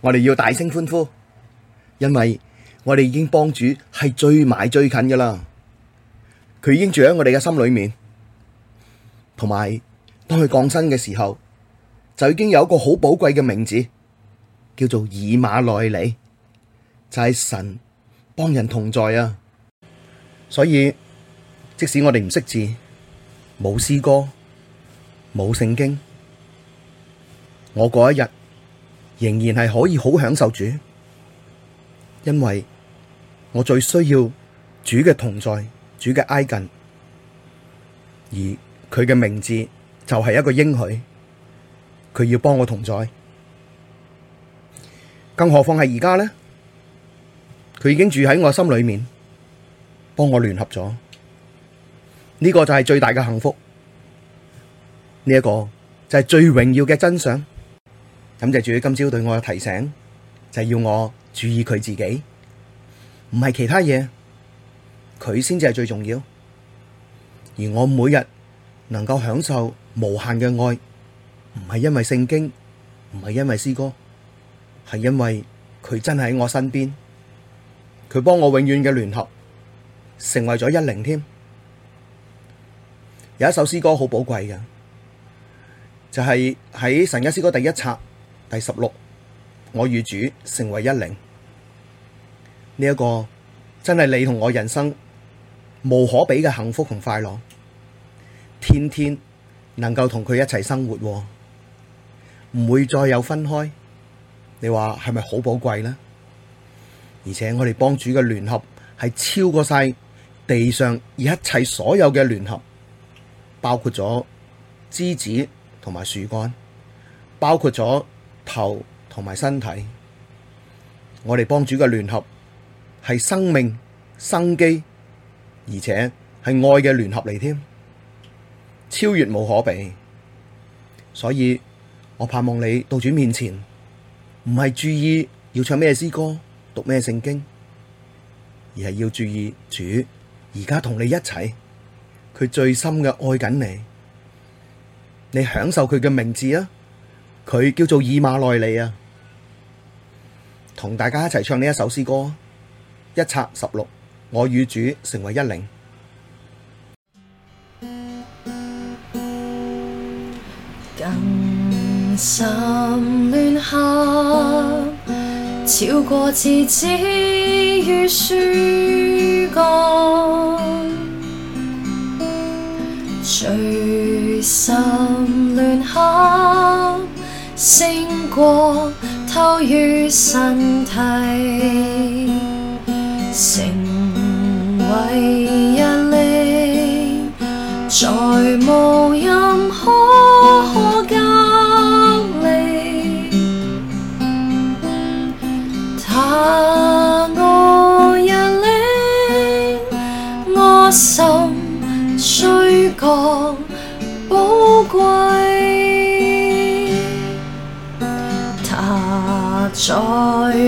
我哋要大聲歡呼，因為我哋已經幫主係最埋最近噶啦，佢已經住喺我哋嘅心裏面，同埋當佢降生嘅時候，就已經有一個好寶貴嘅名字，叫做以馬內利，就係、是、神幫人同在啊！所以即使我哋唔識字，冇詩歌，冇聖經，我嗰一日。仍然係可以好享受主，因為我最需要主嘅同在、主嘅挨近，而佢嘅名字就係一個應許，佢要幫我同在。更何況係而家呢？佢已經住喺我心裏面，幫我聯合咗，呢個就係最大嘅幸福，呢一個就係最榮耀嘅真相。感就主今朝對我嘅提醒，就係、是、要我注意佢自己，唔係其他嘢，佢先至係最重要。而我每日能夠享受無限嘅愛，唔係因為聖經，唔係因為詩歌，係因為佢真係喺我身邊，佢幫我永遠嘅聯合，成為咗一靈添。有一首詩歌好寶貴嘅，就係、是、喺神家詩歌第一冊。第十六，我與主成為一靈，呢一個真係你同我人生無可比嘅幸福同快樂，天天能夠同佢一齊生活，唔、哦、會再有分開。你話係咪好寶貴呢？而且我哋幫主嘅聯合係超過晒地上一切所有嘅聯合，包括咗枝子同埋樹幹，包括咗。頭同埋身體，我哋幫主嘅聯合係生命生機，而且係愛嘅聯合嚟添，超越無可比。所以我盼望你到主面前，唔係注意要唱咩詩歌、讀咩聖經，而係要注意主而家同你一齊，佢最深嘅愛緊你，你享受佢嘅名字啊！佢叫做以馬內利啊，同大家一齊唱呢一首詩歌，一冊十六，我與主成為一靈。更深聯合，超過枝子與樹幹。最深聯合。勝過頭與身體，成為一靈，再無任何可隔離。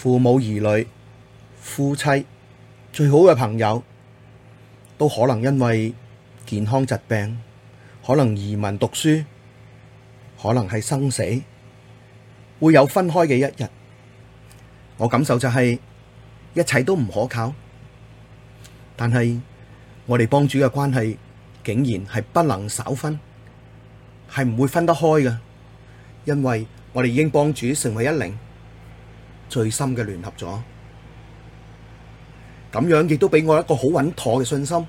父母、兒女、夫妻、最好嘅朋友，都可能因為健康疾病，可能移民讀書，可能係生死，會有分開嘅一日。我感受就係，一切都唔可靠。但係我哋幫主嘅關係，竟然係不能稍分，係唔會分得開嘅，因為我哋已經幫主成為一靈。最深嘅聯合咗，咁樣亦都俾我一個好穩妥嘅信心，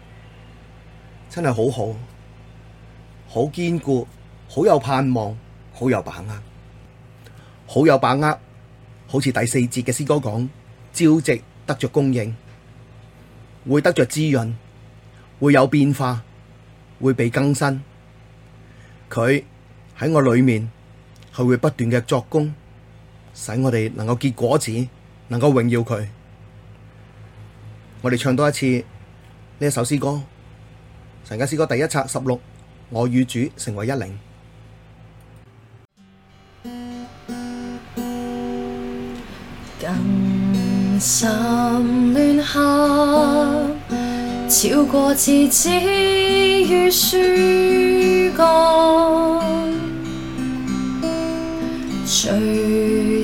真係好好，好堅固，好有盼望，好有把握，好有把握。好似第四節嘅詩歌講：朝夕得著供應，會得著滋潤，會有變化，會被更新。佢喺我裏面佢會不斷嘅作工。使我哋能夠結果子，能夠榮耀佢。我哋唱多一次呢一首詩歌，《神家詩歌》第一冊十六，我與主成為一靈。更深聯合，超過枝子與樹幹。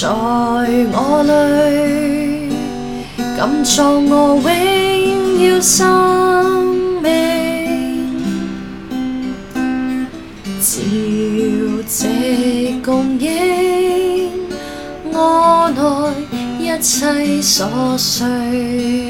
在我裡，今作我榮耀生命，朝夕供應，我內一切所需。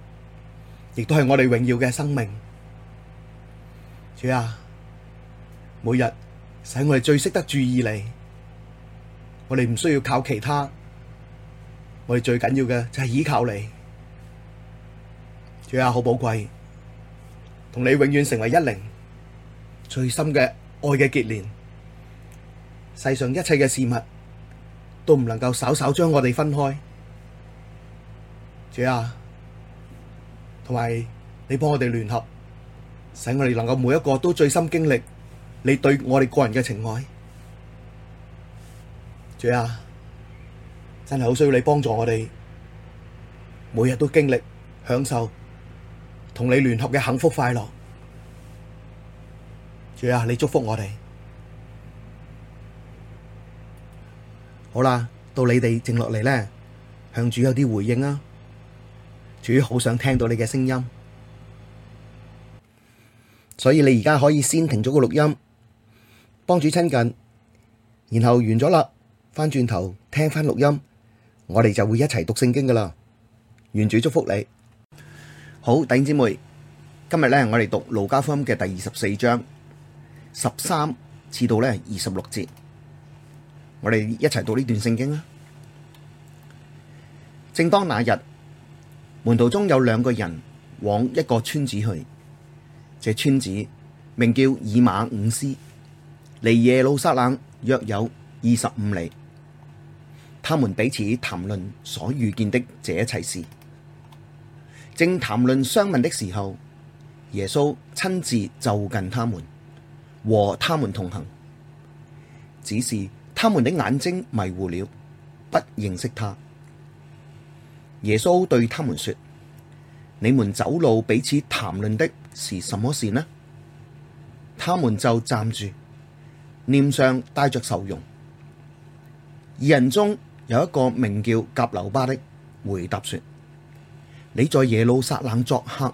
亦都係我哋榮耀嘅生命，主啊，每日使我哋最識得注意你，我哋唔需要靠其他，我哋最緊要嘅就係依靠你，主啊好寶貴，同你永遠成為一靈，最深嘅愛嘅結連，世上一切嘅事物都唔能夠稍稍將我哋分開，主啊。為你幫我哋聯合，使我哋能夠每一個都最深經歷你對我哋個人嘅情愛，主啊，真係好需要你幫助我哋，每日都經歷享受同你聯合嘅幸福快樂，主啊，你祝福我哋，好啦，到你哋靜落嚟咧，向主有啲回應啊！主好想聽到你嘅聲音，所以你而家可以先停咗個錄音，幫主親近，然後完咗啦，翻轉頭聽翻錄音，我哋就會一齊讀聖經噶啦。願主祝福你。好，弟兄姊妹，今日咧我哋讀路加福音嘅第二十四章十三至到咧二十六節，我哋一齊讀呢段聖經啦。正當那日，門徒中有兩個人往一個村子去，這村子名叫以馬忤斯，離耶路撒冷約有二十五里。他們彼此談論所遇見的這一切事，正談論相問的時候，耶穌親自就近他們，和他們同行，只是他們的眼睛迷糊了，不認識他。耶穌對他們說：你們走路彼此談論的是什麼事呢？他們就站住，臉上帶着愁容。二人中有一個名叫革流巴的，回答說：你在耶路撒冷作客，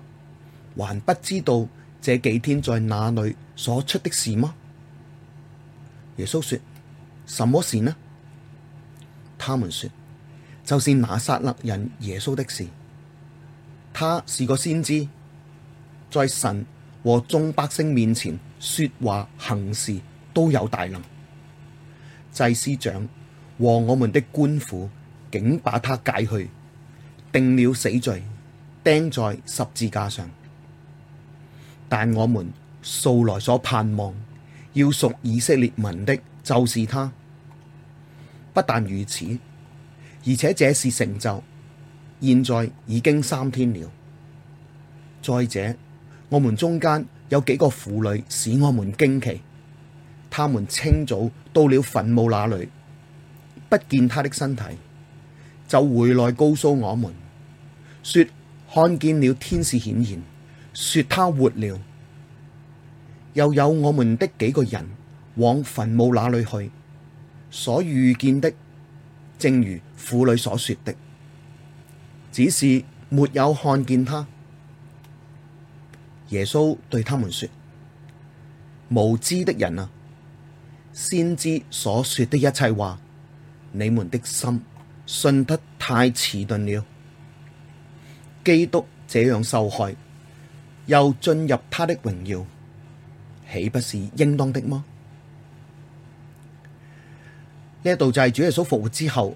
還不知道這幾天在那裡所出的事嗎？耶穌說：什麼事呢？他們說。就是拿撒勒人耶穌的事，他是個先知，在神和眾百姓面前，說話行事都有大能。祭司長和我們的官府竟把他解去，定了死罪，釘在十字架上。但我們素來所盼望、要贖以色列民的，就是他。不但如此。而且這是成就，現在已經三天了。再者，我們中間有幾個婦女使我們驚奇，他們清早到了墳墓那裏，不見他的身體，就回來告訴我們，說看見了天使顯現，說他活了。又有我們的幾個人往墳墓那裏去，所遇見的正如。婦女所說的，只是沒有看見他。耶穌對他們說：無知的人啊，先知所說的一切話，你們的心信得太遲鈍了。基督這樣受害，又進入他的榮耀，豈不是應當的嗎？呢度就係主耶穌復活之後。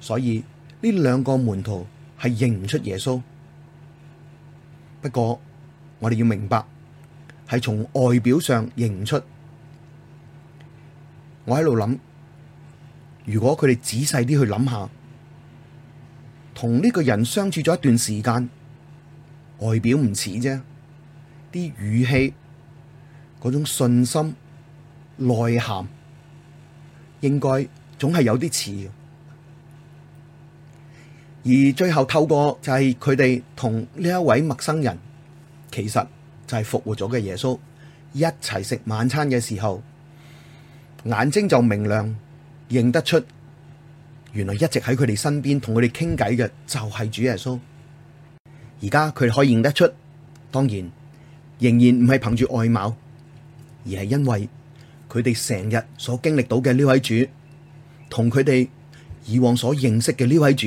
所以呢兩個門徒係認唔出耶穌。不過我哋要明白，係從外表上認唔出。我喺度諗，如果佢哋仔細啲去諗下，同呢個人相處咗一段時間，外表唔似啫，啲語氣、嗰種信心、內涵，應該總係有啲似嘅。而最後透過就係佢哋同呢一位陌生人，其實就係復活咗嘅耶穌，一齊食晚餐嘅時候，眼睛就明亮，認得出原來一直喺佢哋身邊同佢哋傾偈嘅就係主耶穌。而家佢哋可以認得出，當然仍然唔係憑住外貌，而係因為佢哋成日所經歷到嘅呢位主，同佢哋以往所認識嘅呢位主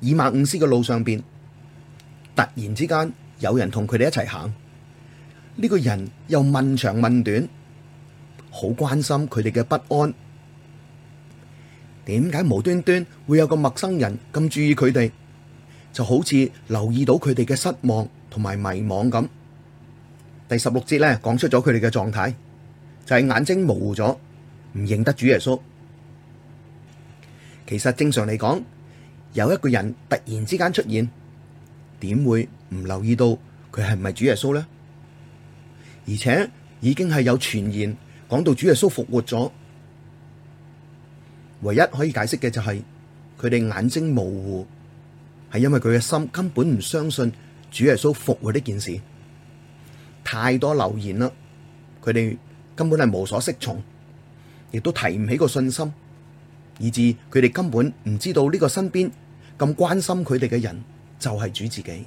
以馬忤斯嘅路上邊，突然之間有人同佢哋一齊行，呢、這個人又問長問短，好關心佢哋嘅不安。點解無端端會有個陌生人咁注意佢哋？就好似留意到佢哋嘅失望同埋迷惘咁。第十六節咧講出咗佢哋嘅狀態，就係、是、眼睛模糊咗，唔認得主耶穌。其實正常嚟講。有一個人突然之間出現，點會唔留意到佢係唔係主耶穌呢？而且已經係有傳言講到主耶穌復活咗，唯一可以解釋嘅就係佢哋眼睛模糊，係因為佢嘅心根本唔相信主耶穌復活呢件事，太多流言啦，佢哋根本係無所適從，亦都提唔起個信心。以至佢哋根本唔知道呢個身邊咁關心佢哋嘅人就係主自己。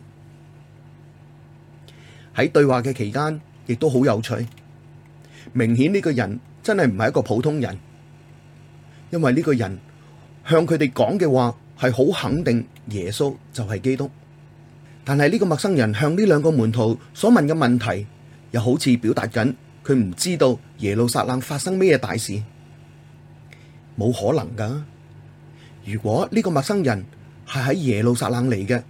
喺對話嘅期間，亦都好有趣。明顯呢個人真係唔係一個普通人，因為呢個人向佢哋講嘅話係好肯定耶穌就係基督。但係呢個陌生人向呢兩個門徒所問嘅問題，又好似表達緊佢唔知道耶路撒冷發生咩大事。冇可能噶！如果呢個陌生人係喺耶路撒冷嚟嘅，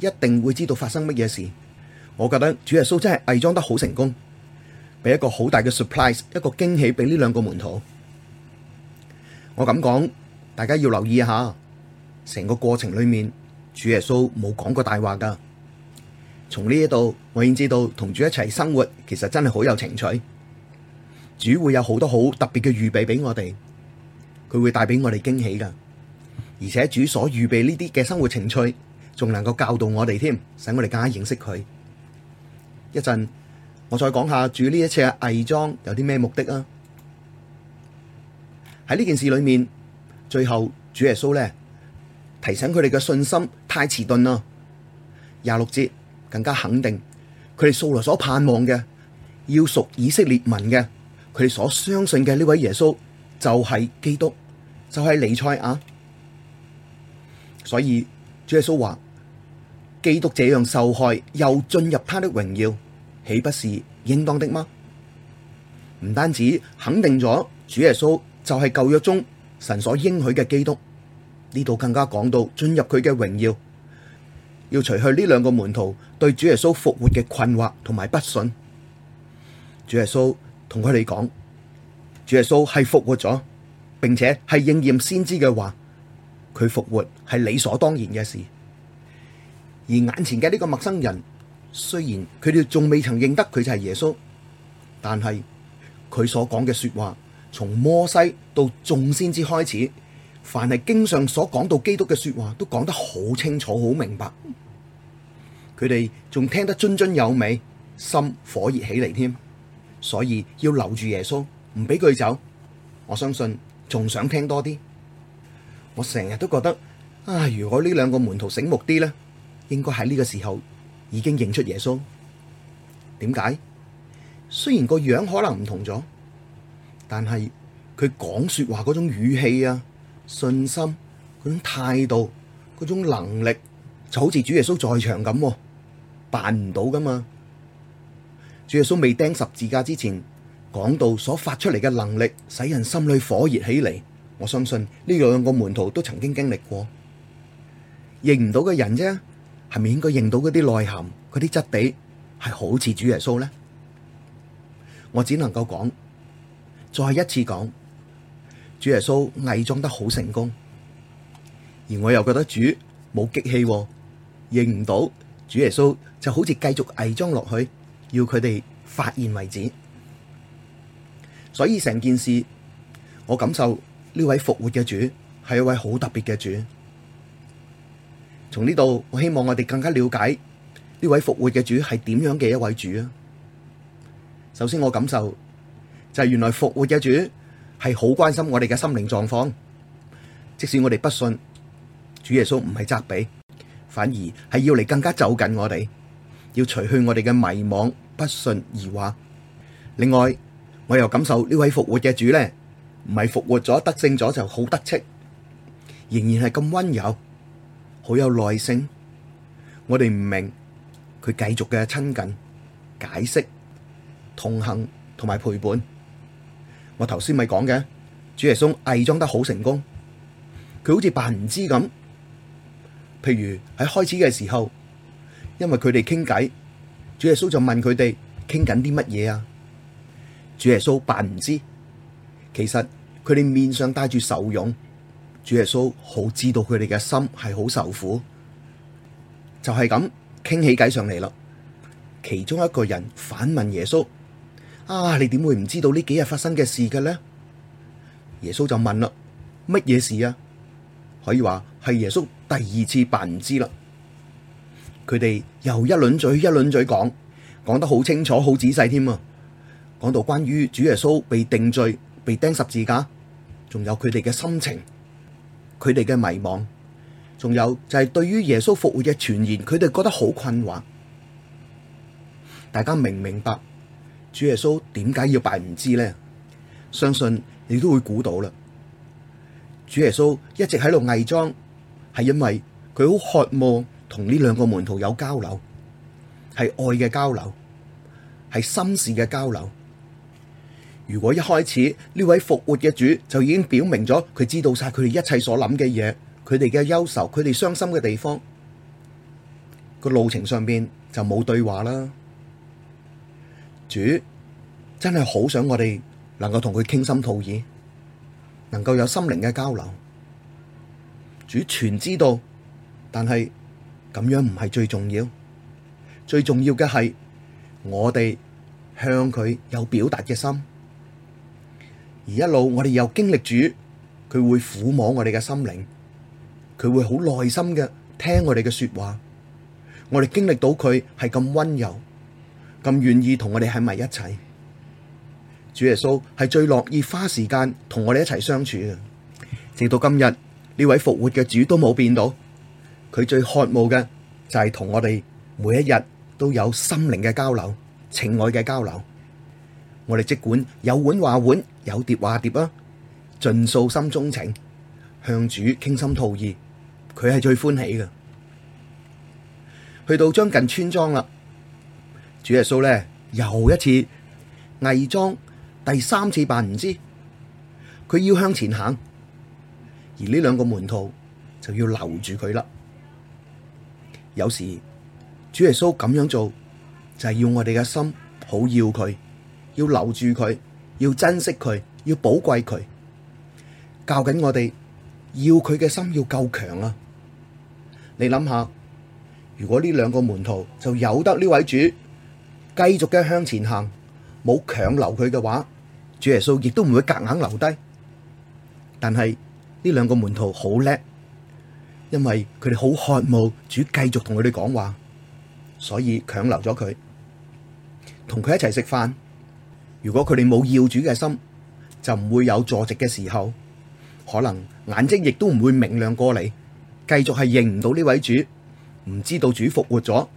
一定會知道發生乜嘢事。我覺得主耶穌真係偽裝得好成功，俾一個好大嘅 surprise，一個驚喜俾呢兩個門徒。我咁講，大家要留意下，成個過程裏面主耶穌冇講過大話噶。從呢一度，我已經知道同主一齊生活，其實真係好有情趣。主會有好多好特別嘅預備俾我哋。佢會帶俾我哋驚喜噶，而且主所預備呢啲嘅生活情趣，仲能夠教導我哋添，使我哋更加認識佢。一陣我再講下主呢一次嘅偽裝有啲咩目的啊！喺呢件事裏面，最後主耶穌咧提醒佢哋嘅信心太遲鈍啦。廿六節更加肯定佢哋素來所盼望嘅，要贖以色列民嘅，佢哋所相信嘅呢位耶穌就係基督。就係以賽亞呀！所以主耶穌話：基督這樣受害，又進入他的榮耀，豈不是應當的嗎？唔單止肯定咗主耶穌就係舊約中神所應許嘅基督，呢度更加講到進入佢嘅榮耀，要除去呢兩個門徒對主耶穌復活嘅困惑同埋不信。主耶穌同佢哋講：主耶穌係復活咗。並且係應驗先知嘅話，佢復活係理所當然嘅事。而眼前嘅呢個陌生人，雖然佢哋仲未曾認得佢就係耶穌，但係佢所講嘅說話，從摩西到眾先知開始，凡係經上所講到基督嘅說話，都講得好清楚、好明白。佢哋仲聽得津津有味，心火熱起嚟添。所以要留住耶穌，唔俾佢走。我相信。仲想聽多啲，我成日都覺得啊，如果呢兩個門徒醒目啲呢，應該喺呢個時候已經認出耶穌。點解？雖然個樣可能唔同咗，但係佢講說話嗰種語氣啊、信心、嗰種態度、嗰種能力，就好似主耶穌在場咁，啊，辦唔到噶嘛。主耶穌未釘十字架之前。講到所發出嚟嘅能力，使人心裏火熱起嚟。我相信呢兩個門徒都曾經經歷過，認唔到嘅人啫，係咪應該認到嗰啲內涵、嗰啲質地係好似主耶穌呢？我只能夠講，再一次講，主耶穌偽裝得好成功，而我又覺得主冇激氣，認唔到主耶穌就好似繼續偽裝落去，要佢哋發現為止。所以成件事，我感受呢位復活嘅主係一位好特別嘅主。從呢度，我希望我哋更加了解呢位復活嘅主係點樣嘅一位主啊。首先，我感受就係、是、原來復活嘅主係好關心我哋嘅心靈狀況，即使我哋不信，主耶穌唔係責備，反而係要嚟，更加走近我哋，要除去我哋嘅迷惘，不信、疑惑。另外，我又感受呢位復活嘅主呢，唔係復活咗得勝咗就好得戚，仍然係咁溫柔，好有耐性。我哋唔明佢繼續嘅親近、解釋、同行同埋陪伴。我頭先咪講嘅，主耶穌偽裝得好成功，佢好似扮唔知咁。譬如喺開始嘅時候，因為佢哋傾偈，主耶穌就問佢哋傾緊啲乜嘢啊？主耶穌扮唔知，其實佢哋面上帶住愁容，主耶穌好知道佢哋嘅心係好受苦，就係咁傾起偈上嚟啦。其中一個人反問耶穌：「啊，你點會唔知道呢幾日發生嘅事嘅呢？」耶穌就問啦：「乜嘢事啊？可以話係耶穌第二次扮唔知啦。佢哋又一輪嘴一輪嘴講，講得好清楚，好仔細添啊！講到關於主耶穌被定罪、被釘十字架，仲有佢哋嘅心情，佢哋嘅迷惘，仲有就係對於耶穌復活嘅傳言，佢哋覺得好困惑。大家明唔明白主耶穌點解要扮唔知呢？相信你都會估到啦。主耶穌一直喺度偽裝，係因為佢好渴望同呢兩個門徒有交流，係愛嘅交流，係心事嘅交流。如果一開始呢位復活嘅主就已經表明咗佢知道晒佢哋一切所諗嘅嘢，佢哋嘅憂愁、佢哋傷心嘅地方，個路程上邊就冇對話啦。主真係好想我哋能夠同佢傾心吐意，能夠有心靈嘅交流。主全知道，但係咁樣唔係最重要，最重要嘅係我哋向佢有表達嘅心。而一路，我哋又經歷住，佢會撫摸我哋嘅心靈，佢會好耐心嘅聽我哋嘅說話。我哋經歷到佢係咁溫柔，咁願意同我哋喺埋一齊。主耶穌係最樂意花時間同我哋一齊相處嘅，直到今日呢位復活嘅主都冇變到，佢最渴慕嘅就係同我哋每一日都有心靈嘅交流、情愛嘅交流。我哋即管有碗話碗。有碟話碟啦，盡訴心中情，向主傾心吐意，佢係最歡喜嘅。去到將近村莊啦，主耶穌咧又一次偽裝，第三次扮唔知，佢要向前行，而呢兩個門徒就要留住佢啦。有時主耶穌咁樣做，就係、是、要我哋嘅心好要佢，要留住佢。要珍惜佢，要寶貴佢，教緊我哋要佢嘅心，要夠強啊！你諗下，如果呢兩個門徒就有得呢位主繼續嘅向前行，冇強留佢嘅話，主耶穌亦都唔會夾硬留低。但係呢兩個門徒好叻，因為佢哋好渴望主繼續同佢哋講話，所以強留咗佢，同佢一齊食飯。如果佢哋冇要主嘅心，就唔會有坐席嘅時候，可能眼睛亦都唔會明亮過你，繼續係認唔到呢位主，唔知道主復活咗，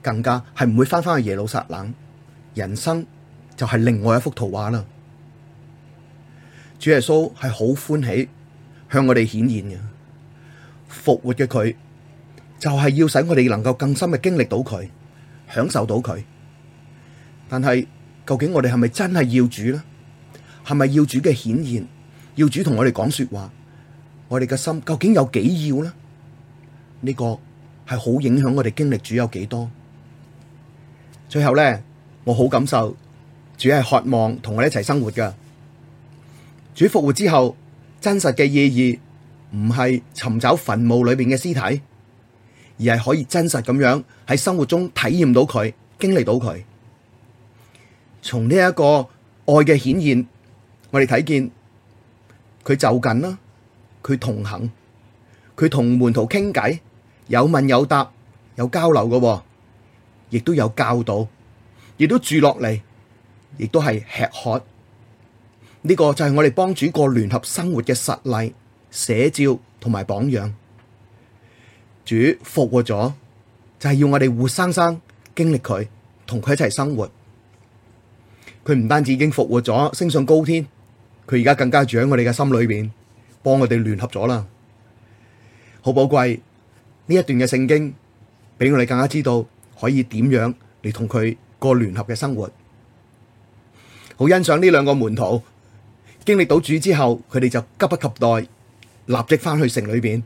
更加係唔會翻返去耶路撒冷，人生就係另外一幅圖畫啦。主耶穌係好歡喜向我哋顯現嘅復活嘅佢，就係要使我哋能夠更深嘅經歷到佢，享受到佢，但係。究竟我哋係咪真係要主呢？係咪要主嘅顯現，要主同我哋講說話？我哋嘅心究竟有幾要呢？呢個係好影響我哋經歷主有幾多。最後呢，我好感受主係渴望同我哋一齊生活噶。主復活之後，真實嘅意義唔係尋找墳墓裏面嘅屍體，而係可以真實咁樣喺生活中體驗到佢，經歷到佢。從呢一個愛嘅顯現，我哋睇見佢就近啦，佢同行，佢同門徒傾偈，有問有答，有交流嘅，哦，亦都有教導，亦都住落嚟，亦都係吃喝。呢、這個就係我哋幫主過聯合生活嘅實例、寫照同埋榜樣。主復活咗，就係、是、要我哋活生生經歷佢，同佢一齊生活。佢唔單止已經復活咗，升上高天，佢而家更加住喺我哋嘅心裏邊，幫我哋聯合咗啦，好寶貴呢一段嘅聖經，俾我哋更加知道可以點樣嚟同佢過聯合嘅生活。好欣賞呢兩個門徒經歷到主之後，佢哋就急不及待，立即翻去城裏邊，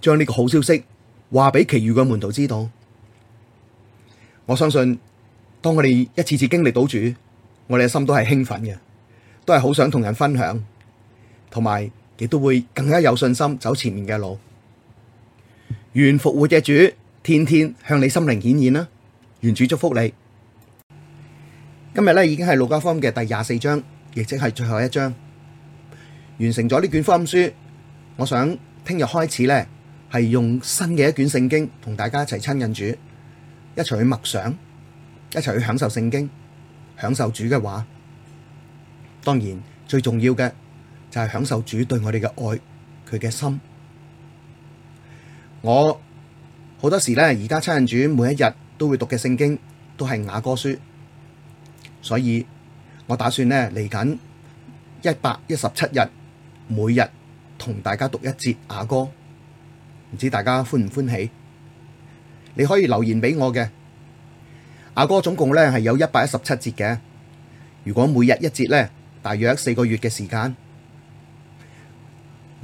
將呢個好消息話俾其餘嘅門徒知道。我相信，當我哋一次次經歷到主，我哋嘅心都係興奮嘅，都係好想同人分享，同埋亦都會更加有信心走前面嘅路。願復活嘅主天天向你心靈顯現啦！願主祝福你。今日咧已經係《路加福音》嘅第廿四章，亦即係最後一章，完成咗呢卷福音書。我想聽日開始咧係用新嘅一卷聖經同大家一齊親近主，一齊去默想，一齊去享受聖經。享受主嘅話，當然最重要嘅就係享受主對我哋嘅愛，佢嘅心。我好多時呢，而家親近主，每一日都會讀嘅聖經都係雅歌書，所以我打算呢，嚟緊一百一十七日，每日同大家讀一節雅歌，唔知大家歡唔歡喜？你可以留言俾我嘅。雅歌總共咧係有一百一十七節嘅，如果每日一節咧，大約四個月嘅時間。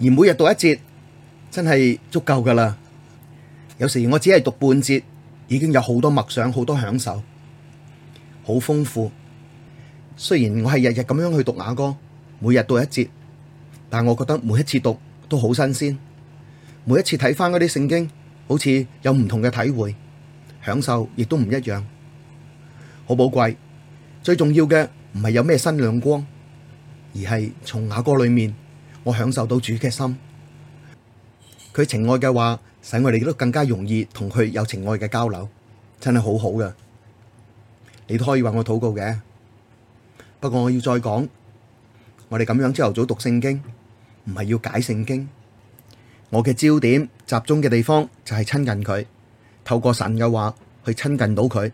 而每日讀一節真係足夠噶啦。有時我只係讀半節，已經有好多默想，好多享受，好豐富。雖然我係日日咁樣去讀雅歌，每日讀一節，但我覺得每一次讀都好新鮮，每一次睇翻嗰啲聖經，好似有唔同嘅體會，享受，亦都唔一樣。好寶貴，最重要嘅唔係有咩新亮光，而係從雅歌裏面，我享受到主嘅心。佢情愛嘅話，使我哋都更加容易同佢有情愛嘅交流，真係好好嘅。你都可以為我禱告嘅。不過我要再講，我哋咁樣朝頭早讀聖經，唔係要解聖經，我嘅焦點集中嘅地方就係親近佢，透過神嘅話去親近到佢。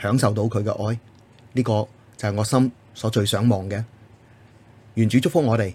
享受到佢嘅愛，呢、這個就係我心所最想望嘅。願主祝福我哋。